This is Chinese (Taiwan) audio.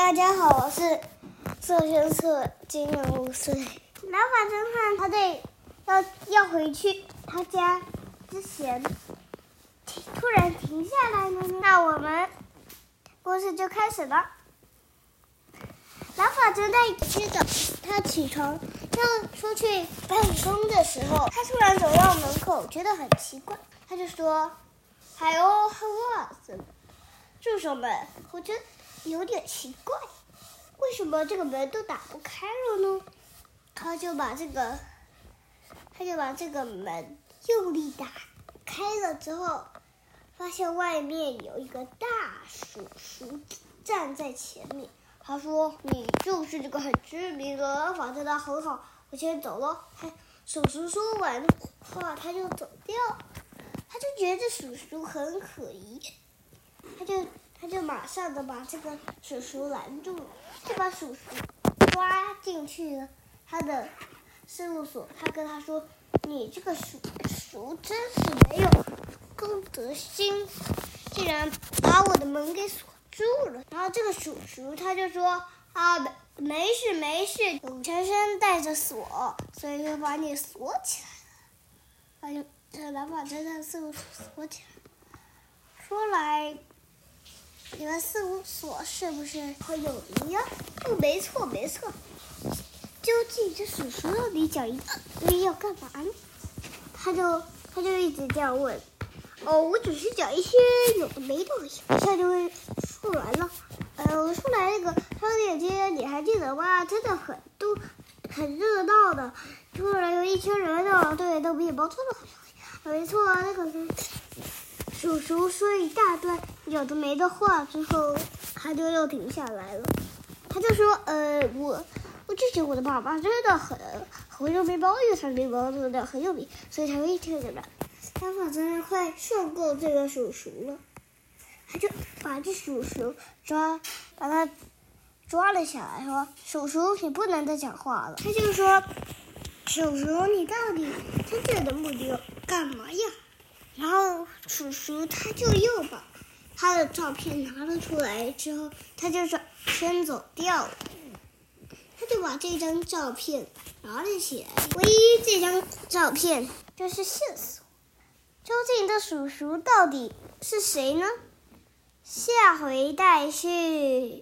大家好，我是色星色，今年五歲。藍髮偵探他得，他在要要回去他家之前，突然停下來了。那我們故事就開始了。藍髮偵探接著他起床要出去辦公的時候，他突然走到門口，覺得很奇怪，他就說 Hi all, h 助手們，我真有點奇怪，為什麼這個門都打不開了呢？他就把這個，他就把這個門用力打開了之後，發現外面有一個大叔叔站在前面。他說：“你就是這個很知名的反正他很好，我先走了。”他叔叔說完話，他就走掉。他就覺得叔叔很可疑，他就。他就馬上的把這個叔叔攔住了，就把叔叔抓進去了他的事務所。他跟他說：“你這個叔叔真是沒有公德心，竟然把我的門給鎖住了。”然後這個叔叔他就說：“啊，沒事沒事，我全身帶着鎖，所以就把你鎖起來了。”他就，他，很把他的事務所鎖起來。說來，你們事務所是不是和友誼呀？啊，不、哦，沒錯，沒錯。究竟這叔叔到底講一段所以要幹嘛呢？他就他就一直這樣問。哦，我只是講一些有的沒的東西，一下就會說完了。呃，說來那個商業街你還記得嗎？真的很都很熱鬧的。突、就、然、是、有一群人呢，對，都比你忙多了。沒錯，那個叔叔說一大段。有的沒的話，最後他就又停下來了。他就說：“呃，我，我就覺得我的爸爸真的很，我用背包又用麵包做料很有名，所以才會一天這來，他反正快受夠這個叔叔了，他就把這叔叔抓，把他抓了下來，說：叔叔，你不能再講話了。他就說：叔叔，你到底真正的目的要幹嘛呀？然後叔叔他就又把。”他的照片拿了出來之後，他就轉身走掉了。他就把這張照片拿了起來。唯一這張照片就是線索，究竟的叔叔到底是誰呢？下回再續。